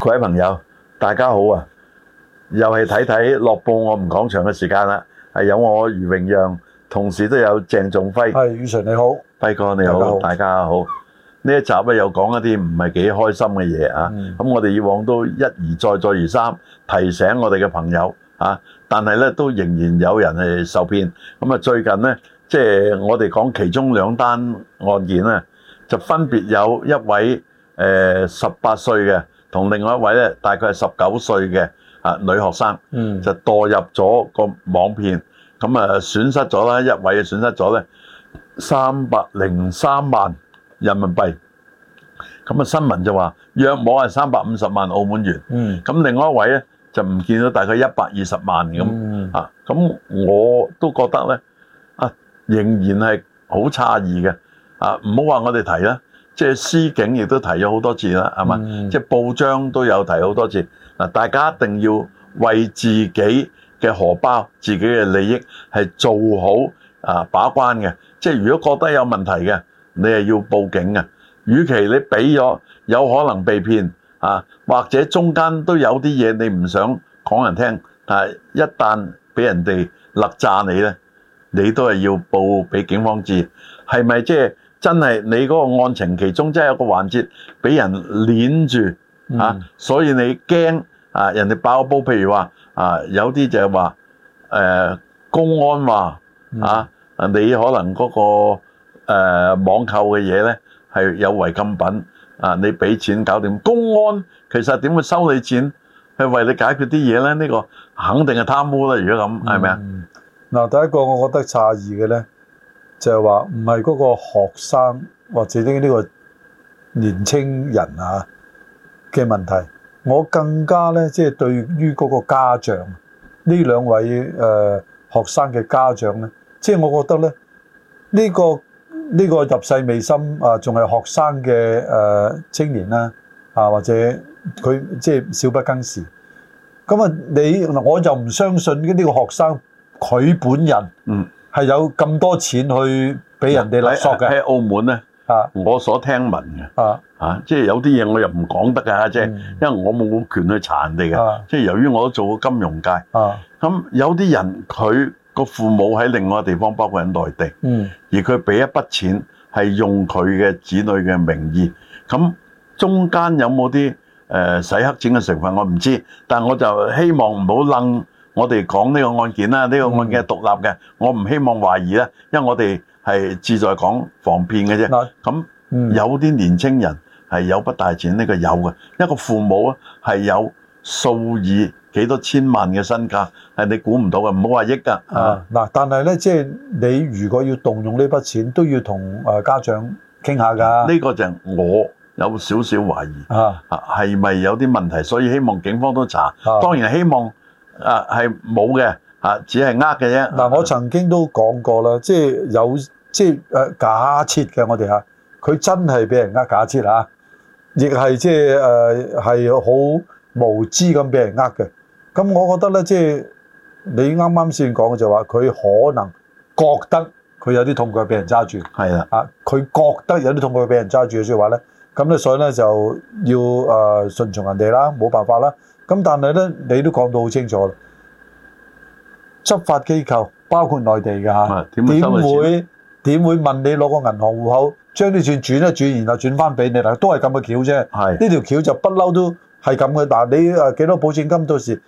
各位朋友，大家好啊！又係睇睇《樂報我們講場》嘅時間啦，係有我余榮讓，同時都有鄭仲輝。係余 Sir 你好，輝哥你好，大家好。呢一集咧，又講一啲唔係幾開心嘅嘢啊！咁我哋以往都一而再再而三提醒我哋嘅朋友啊，但係咧都仍然有人係受騙。咁啊最近咧，即係我哋講其中兩單案件啊，就分別有一位誒十八歲嘅。同另外一位咧，大概係十九歲嘅啊女學生，就墮入咗個網騙，咁啊損失咗啦，一位就損失咗咧三百零三萬人民幣，咁啊新聞就話約莫係三百五十萬澳門元，咁、嗯、另外一位咧就唔見咗大概一百二十萬咁啊，咁我都覺得咧啊仍然係好詫異嘅啊，唔好話我哋提啦。即係司警亦都提咗好多次啦，係嘛？即係、嗯、報章都有提好多次。嗱，大家一定要為自己嘅荷包，自己嘅利益係做好啊把關嘅。即、就、係、是、如果覺得有問題嘅，你係要報警㗎。與其你俾咗有可能被騙啊，或者中間都有啲嘢你唔想講人聽，但、啊、係一旦俾人哋勒詐你咧，你都係要報俾警方知，係咪即係？真係你嗰個案情其中真係有個環節俾人鏈住、嗯、啊，所以你驚啊人哋爆煲。譬如話啊有啲就係話誒公安話啊、嗯、你可能嗰、那個誒、呃、網購嘅嘢咧係有違禁品啊，你俾錢搞掂公安其實點會收你錢去為你解決啲嘢咧？呢、這個肯定係貪污啦！如果咁係咪啊？嗱、嗯，是是第一個我覺得詫異嘅咧。就係話唔係嗰個學生或者呢呢個年青人啊嘅問題，我更加咧即係對於嗰個家長呢兩位誒、呃、學生嘅家長咧，即、就、係、是、我覺得咧呢、呢個呢、呢個入世未深啊，仲係學生嘅誒、呃、青年啦啊，啊，或者佢即係少不更事，咁啊你我就唔相信呢個學生佢本人嗯。係有咁多錢去俾人哋勒索嘅喺澳門咧，啊，我所聽聞嘅，啊，啊，即係有啲嘢我又唔講得噶，即係，嗯、因為我冇權去查人哋嘅，啊、即係由於我都做過金融界，啊，咁有啲人佢個父母喺另外地方，包括喺內地，嗯，而佢俾一筆錢係用佢嘅子女嘅名義，咁中間有冇啲、呃、洗黑錢嘅成分我唔知，但我就希望唔好楞。我哋講呢個案件啦，呢個案件係獨立嘅，我唔希望懷疑啦，因為我哋係志在講防騙嘅啫。咁有啲年青人係有筆大錢，呢個有嘅，一個父母啊係有數以幾多千萬嘅身價，係你估唔到嘅，唔好話億㗎。嗱，但係咧，即係你如果要動用呢筆錢，都要同誒家長傾下㗎。呢個就係我有少少懷疑啊，係咪有啲問題？所以希望警方都查。當然希望。啊，係冇嘅，吓、啊、只係呃嘅啫。嗱、啊，我曾經都講過啦，即係有即係誒假設嘅，我哋吓佢真係俾人呃假設啊，亦係即係誒係好無知咁俾人呃嘅。咁我覺得咧，即係你啱啱先講嘅就話，佢可能覺得佢有啲痛腳俾人揸住，係啦的，啊佢覺得有啲痛腳俾人揸住話，所以話咧，咁咧所以咧就要誒順從人哋啦，冇辦法啦。咁但係咧，你都講到好清楚啦。執法機構包括內地嘅嚇，點會點會問你攞個銀行戶口，將啲錢轉一轉，然後轉翻俾你但，都係咁嘅橋啫。係呢條橋就不嬲都係咁嘅，嗱你誒幾多保證金，到時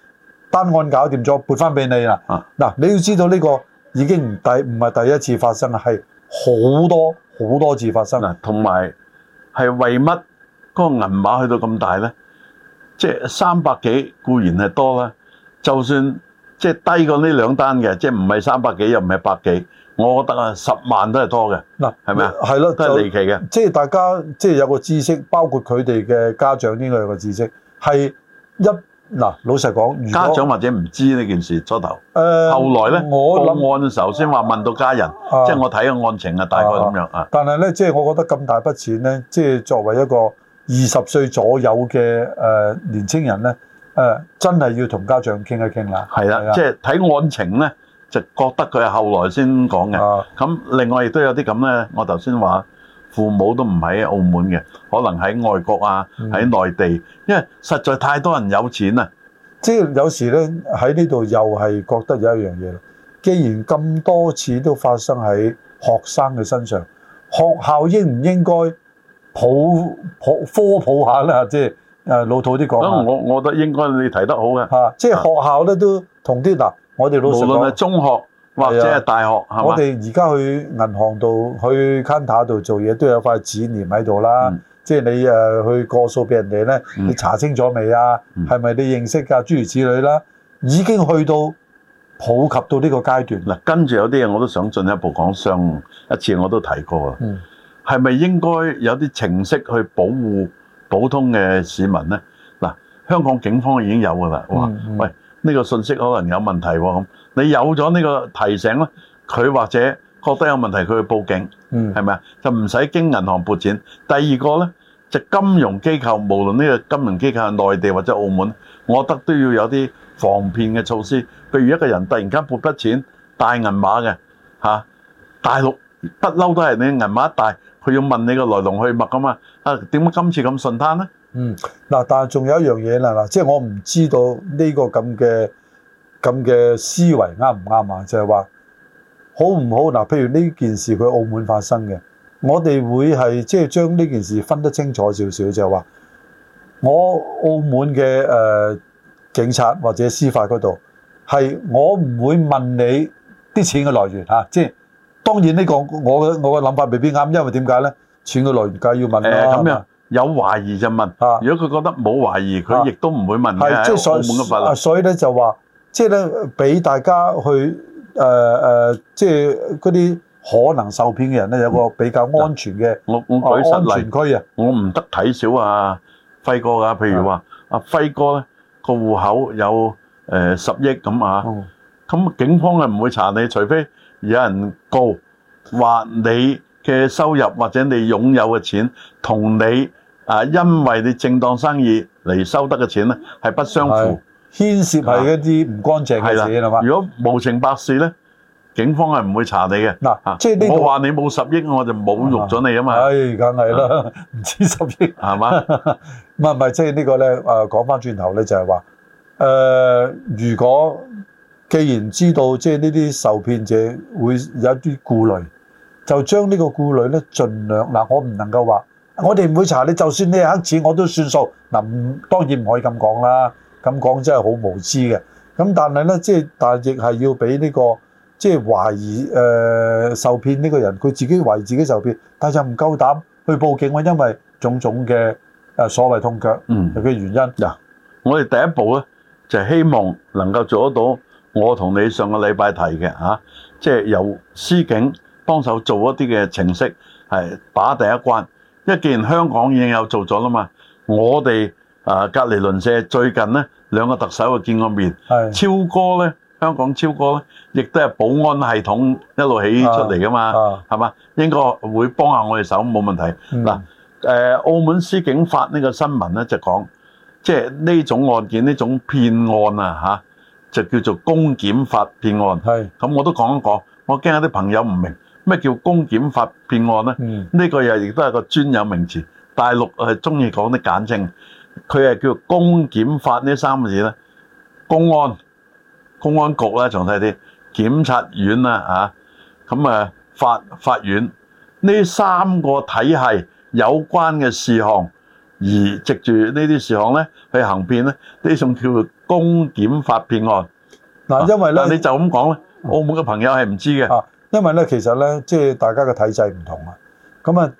單案搞掂咗，撥翻俾你啦。嗱，你要知道呢個已經唔第唔係第一次發生啦，係好多好多次發生呀。嗱，同埋係為乜嗰個銀碼去到咁大咧？即係三百幾固然係多啦，就算即係低過呢兩單嘅，即係唔係三百幾又唔係百幾，我覺得啊十萬都係多嘅。嗱，係咪啊？係咯，啊、都係離奇嘅。即係大家即係有個知識，包括佢哋嘅家長呢個有個知識係一嗱、啊。老實講，家長或者唔知呢件事初頭。誒、啊，後來咧，我報案嘅時候先話問到家人，啊、即係我睇個案情啊，大概咁樣啊。啊啊但係咧，即係我覺得咁大筆錢咧，即係作為一個。二十歲左右嘅誒、呃、年青人呢，誒、啊、真係要同家長傾一傾啦。係啦。係啦，即係睇案情呢，就覺得佢係後來先講嘅。咁、啊、另外亦都有啲咁呢，我頭先話父母都唔喺澳門嘅，可能喺外國啊，喺、嗯、內地，因為實在太多人有錢啊。即係有時呢，喺呢度又係覺得有一樣嘢。既然咁多次都發生喺學生嘅身上，學校應唔應該？普普科普下啦，即係誒老土啲講，我我覺得應該你提得好嘅、吓。即係學校咧是都同啲嗱，我哋無論係中學或者大學，啊、吧我哋而家去銀行度去 counter 度做嘢都有塊紙黏喺度啦。嗯、即係你誒去過數俾人哋咧，你查清楚未啊？係咪、嗯、你認識㗎？諸如此類啦，已經去到普及到呢個階段。嗱，跟住有啲嘢我都想進一步講，上一次，我都提過啊。嗯係咪應該有啲程式去保護普通嘅市民呢？嗱，香港警方已經有㗎啦。哇，喂，呢個信息可能有問題喎。咁你有咗呢個提醒咧，佢或者覺得有問題，佢去報警，係咪啊？就唔使經銀行撥錢。第二個呢，就金融機構，無論呢個金融機構係內地或者澳門，我覺得都要有啲防騙嘅措施。譬如一個人突然間撥筆錢，大銀碼嘅嚇，大陸。不嬲都係你銀碼大，佢要問你個來龍去脈噶嘛？啊，點解今次咁順攤咧？嗯，嗱，但係仲有一樣嘢嗱嗱，即係我唔知道呢個咁嘅咁嘅思維啱唔啱啊？就係、是、話好唔好嗱？譬如呢件事佢澳門發生嘅，我哋會係即係將呢件事分得清楚少少，就係、是、話我澳門嘅誒、呃、警察，或者司法嗰度係我唔會問你啲錢嘅來源吓，即、啊、係。啊啊當然呢個我嘅我嘅諗法未必啱，因為點解咧？錢嘅來源梗要問啦。誒咁樣有懷疑就問。嚇，如果佢覺得冇懷疑，佢亦都唔會問嘅。係即係，所以所以咧就話，即係咧俾大家去誒誒，即係嗰啲可能受騙嘅人咧，有個比較安全嘅。我我舉實例。安全區啊！我唔得睇少啊，輝哥啊。譬如話，阿輝哥咧個戶口有誒十億咁啊，咁警方係唔會查你，除非。有人告話你嘅收入或者你擁有嘅錢，同你啊因為你正當生意嚟收得嘅錢咧，係不相符。係牽涉係一啲唔乾淨嘅嘢啊嘛。如果無情百事咧，警方係唔會查你嘅。嗱，即係呢度我話你冇十億，我就侮辱咗你啊嘛。唉，梗係啦，唔知十億係嘛？唔係即係呢個咧啊，講翻轉頭咧就係話誒，如果。既然知道即係呢啲受騙者會有一啲顧慮，就將呢個顧慮咧，盡量嗱，我唔能夠話，我哋唔會查你，就算你係黑錢我都算數，嗱、啊。當然唔可以咁講啦，咁講真係好無知嘅。咁、啊、但係咧，即係但係亦係要俾呢、這個即係懷疑誒、呃、受騙呢個人，佢自己懷疑自己受騙，但係就唔夠膽去報警喎，因為種種嘅誒所謂痛腳，嗯，佢嘅原因。嗱，Yeah. 我哋第一步咧就係希望能夠做得到。我同你上個禮拜提嘅嚇、啊，即係由司警幫手做一啲嘅程式，係打第一關。因為既然香港已經有做咗啦嘛，我哋啊、呃、隔離鄰舍最近咧，兩個特首啊見過面，是的 超哥咧，香港超哥咧，亦都係保安系統一路起出嚟噶嘛，係嘛是的 應該會幫下我哋手，冇問題。嗱、嗯，誒、呃，澳門司警發呢個新聞咧就講，即係呢種案件呢種騙案啊就叫做公檢法騙案，咁我都講一講。我驚一啲朋友唔明咩叫公檢法騙案咧？呢個又亦都係個專有名詞。大陸係中意講啲簡稱，佢係叫公檢法呢三個字咧。公安、公安局咧，仲細啲，檢察院啦，嚇，咁啊，法法院呢三個體系有關嘅事項。而藉住呢啲事項咧，去行騙咧，呢種叫做公檢法騙案。嗱，因為咧，但係你就咁講咧，澳門嘅朋友係唔知嘅。啊，因為咧，其實咧，即係大家嘅體制唔同啊。咁啊，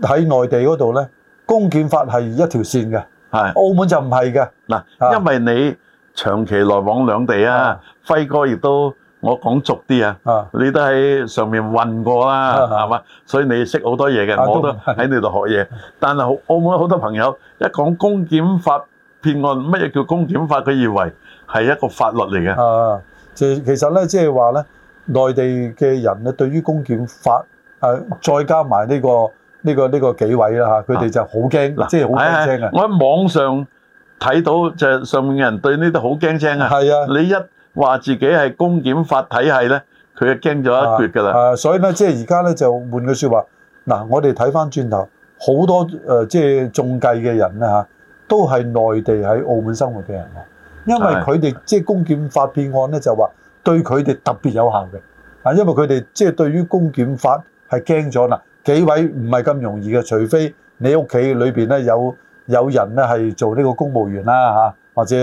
喺內地嗰度咧，公檢法係一條線嘅，係。澳門就唔係嘅。嗱，因為你長期來往兩地啊，輝哥亦都。我講俗啲啊！你都喺上面混過啦，係嘛？所以你識好多嘢嘅，我都喺你度學嘢。但係澳澳門好多朋友一講公檢法騙案，乜嘢叫公檢法？佢以為係一個法律嚟嘅。啊，就其實咧，即係話咧，內地嘅人咧，對於公檢法誒，再加埋呢個呢個呢個紀委啦嚇，佢哋就好驚，即係好驚聲嘅。我喺網上睇到就係上面嘅人對呢啲好驚聲啊！係啊，你一話自己係公檢法體系咧，佢係驚咗一橛噶啦。啊，所以咧，即係而家咧就換句說話。嗱、啊，我哋睇翻轉頭，好多誒，即係中計嘅人咧吓、啊，都係內地喺澳門生活嘅人，因為佢哋即係公檢法騙案咧，就話對佢哋特別有效嘅。啊，因為佢哋即係對於公檢法係驚咗啦，幾位唔係咁容易嘅，除非你屋企裏邊咧有有人咧係做呢個公務員啦吓、啊，或者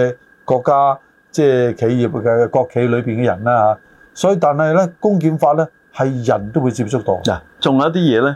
國家。即係企業嘅國企裏邊嘅人啦、啊、嚇，所以但係咧，公檢法咧係人都會接觸到。嗱，仲有一啲嘢咧，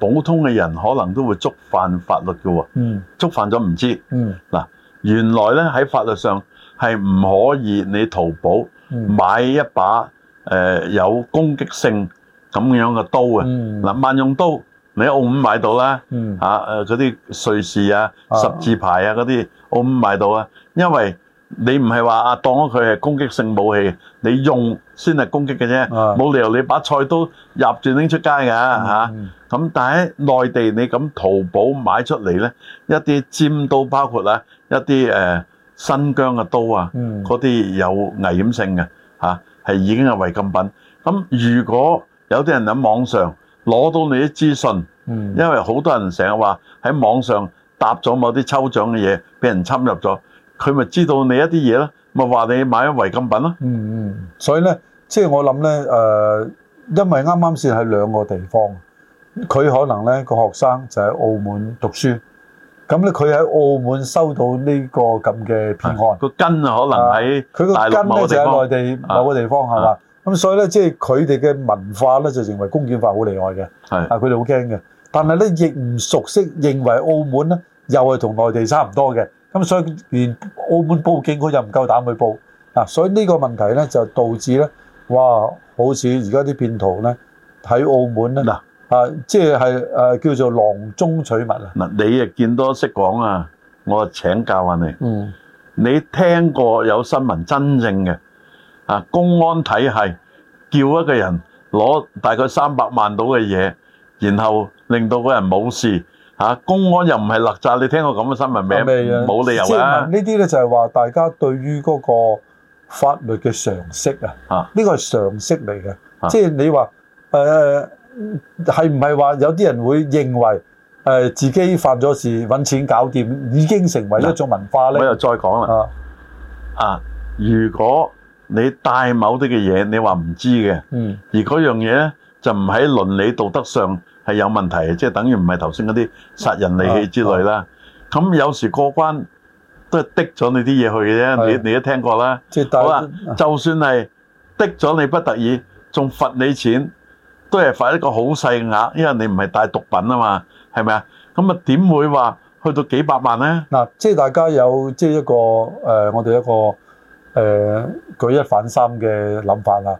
普通嘅人可能都會觸犯法律嘅喎、哦。嗯，觸犯咗唔知。嗯，嗱，原來咧喺法律上係唔可以你淘寶買一把誒、嗯呃、有攻擊性咁樣嘅刀嘅。嗱、嗯，萬用刀你喺澳門買到啦。嗯，嚇嗰啲瑞士啊、十字牌啊嗰啲、啊、澳門買到啊，因為你唔係話啊，當咗佢係攻擊性武器，你用先係攻擊嘅啫，冇理由你把菜刀入住拎出街㗎嚇。咁但係內地，你咁淘寶買出嚟咧，一啲尖刀包括咧一啲誒新疆嘅刀啊，嗰啲有危險性嘅嚇，係已經係違禁品。咁如果有啲人喺網上攞到你啲資訊，嗯，因為好多人成日話喺網上搭咗某啲抽獎嘅嘢，俾人侵入咗。佢咪知道你一啲嘢咯？咪話你買咗違禁品咯？嗯嗯，所以咧，即係我諗咧，誒，因為啱啱先係兩個地方，佢可能咧個學生就喺澳門讀書，咁咧佢喺澳門收到呢個咁嘅騙案，個根可能喺大陸某個地方，佢個根咧就係內地某個地方係嘛？咁所以咧，即係佢哋嘅文化咧就認為公檢法好厲害嘅，係啊，佢哋好驚嘅，但係咧亦唔熟悉，認為澳門咧又係同內地差唔多嘅。咁所以連澳門報警佢就唔夠膽去報嗱，所以呢個問題咧就導致咧，哇！好似而家啲騙徒咧喺澳門咧嗱啊，即係誒叫做囊中取物啊！嗱，你誒見多識講啊，我請教下你。嗯，你聽過有新聞真正嘅啊？公安體系叫一個人攞大概三百萬到嘅嘢，然後令到個人冇事。啊！公安又唔係勒炸，你聽過咁嘅新聞咩？冇理由啊！即係問呢啲咧就係、是、話大家對於嗰個法律嘅常識啊，呢個係常識嚟嘅。啊、即係你話誒，係唔係話有啲人會認為誒、呃、自己犯咗事，揾錢搞掂，已經成為一種文化咧？我又再講啦，啊，啊，如果你帶某啲嘅嘢，你話唔知嘅，嗯，而嗰樣嘢咧就唔喺倫理道德上。係有問題，即係等於唔係頭先嗰啲殺人利器之類啦。咁、啊啊、有時過關都係的咗的你啲嘢去嘅啫。你你都聽過啦。即吧啊，就算係的咗你不得已，仲罰你錢，都係罰一個好細額，因為你唔係帶毒品啊嘛，係咪啊？咁啊點會話去到幾百萬咧？嗱、啊，即係大家有即係一個誒、呃，我哋一個誒、呃、舉一反三嘅諗法啦。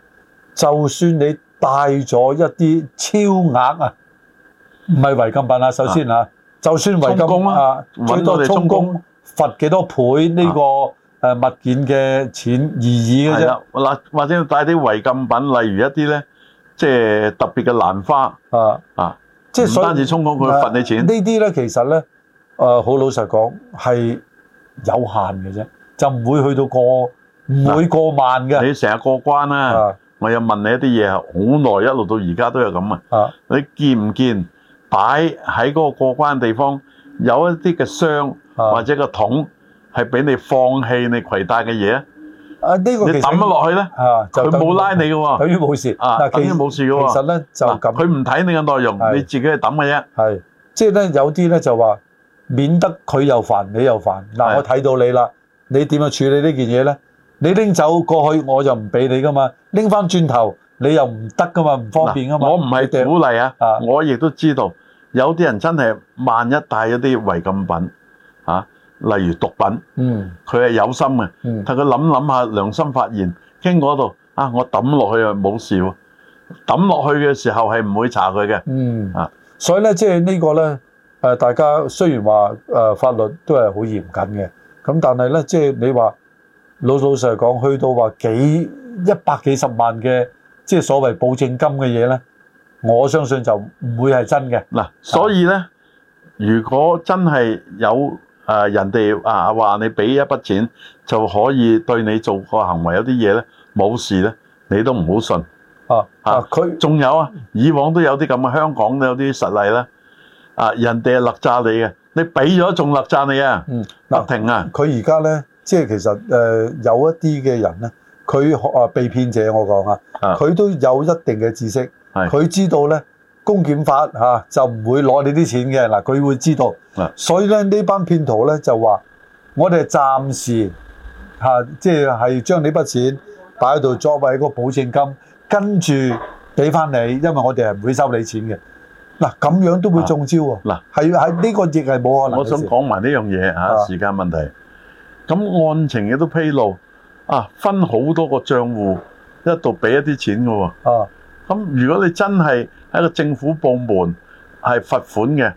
就算你帶咗一啲超額啊！唔係違禁品啊！首先啊，就算違禁啊，最多充公，罰幾多倍呢個誒物件嘅錢而已嘅啫。嗱，或者帶啲違禁品，例如一啲咧，即係特別嘅蘭花啊啊，即係唔單止充公，佢罰你錢。呢啲咧其實咧，誒好老實講係有限嘅啫，就唔會去到過唔會過萬嘅。你成日過關啊！我又問你一啲嘢，好耐一路到而家都有咁啊！你見唔見？擺喺嗰個過關地方，有一啲嘅箱或者個桶係俾你放棄你攜帶嘅嘢啊！你抌咗落去咧，佢冇拉你㗎喎，等於冇事啊，等於冇事嘅喎。其實咧就咁，佢唔睇你嘅內容，你自己去抌嘅啫。係即係咧，有啲咧就話免得佢又煩你又煩。嗱我睇到你啦，你點樣處理呢件嘢咧？你拎走過去，我就唔俾你㗎嘛。拎翻轉頭，你又唔得㗎嘛，唔方便㗎嘛。我唔係鼓勵啊，我亦都知道。有啲人真係萬一帶咗啲違禁品，嚇、啊，例如毒品，嗯，佢係有心嘅、嗯，嗯，但佢諗諗下良心發現，經過度，啊，我抌落去又冇事喎，抌落去嘅時候係唔會查佢嘅，嗯，啊，嗯、所以咧，即係呢個咧，誒，大家雖然話誒法律都係好嚴緊嘅，咁但係咧，即係你話老老實實講，去到話幾一百幾十萬嘅，即係所謂保證金嘅嘢咧。我相信就唔會係真嘅。嗱、啊，所以咧，如果真係有誒人哋啊話你俾一筆錢就可以對你做個行為有啲嘢咧，冇事咧，你都唔好信。啊啊，佢仲、啊、有啊，以往都有啲咁嘅香港有啲實例啦。啊，人哋係勒詐你嘅，你俾咗仲勒詐你、嗯、啊？嗯，勒停啊！佢而家咧，即係其實誒、呃、有一啲嘅人咧。佢啊，被騙者，我講啊，佢都有一定嘅知識，佢、啊、知道咧公檢法、啊、就唔會攞你啲錢嘅嗱，佢會知道，啊、所以咧呢班騙徒咧就話我哋暫時、啊、即係係將呢筆錢擺喺度作為一個保證金，跟住俾翻你，因為我哋係唔會收你錢嘅嗱，咁、啊、樣都會中招喎嗱，係喺呢個亦係冇可能。我想講埋呢樣嘢嚇，時間問題，咁、啊、案情亦都披露。啊，分好多個賬戶，一度俾一啲錢嘅喎。啊，咁如果你真係喺個政府部門係罰款嘅，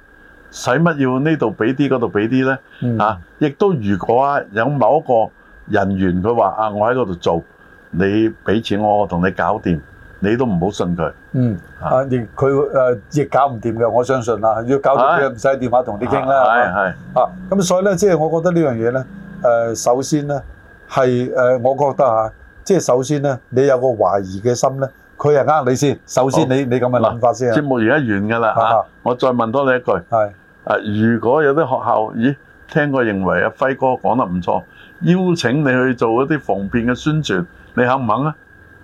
使乜要呢度俾啲，嗰度俾啲咧？啊，亦都如果有某一個人員，佢話啊，我喺嗰度做，你俾錢我，我同你搞掂，你都唔好信佢。嗯。啊，亦佢誒亦搞唔掂嘅，我相信啦。要搞掂佢唔使電話同你傾啦。係係。啊，咁所以咧，即係我覺得呢樣嘢咧，誒，首先咧。係誒，我覺得嚇，即係首先咧，你有個懷疑嘅心咧，佢係呃你先。首先你你咁嘅諗法先。節目而家完㗎啦嚇，我再問多你一句。係誒，如果有啲學校，咦，聽過認為阿輝哥講得唔錯，邀請你去做一啲防騙嘅宣傳，你肯唔肯啊？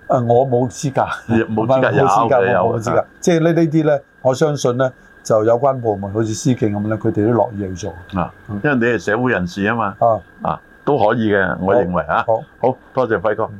誒，我冇資格。冇資格，有冇資格，冇資格。即係呢呢啲咧，我相信咧，就有關部門好似司警咁咧，佢哋都樂意去做。啊，因為你係社會人士啊嘛。啊啊。都可以嘅，好我認為啊，好好多謝輝哥。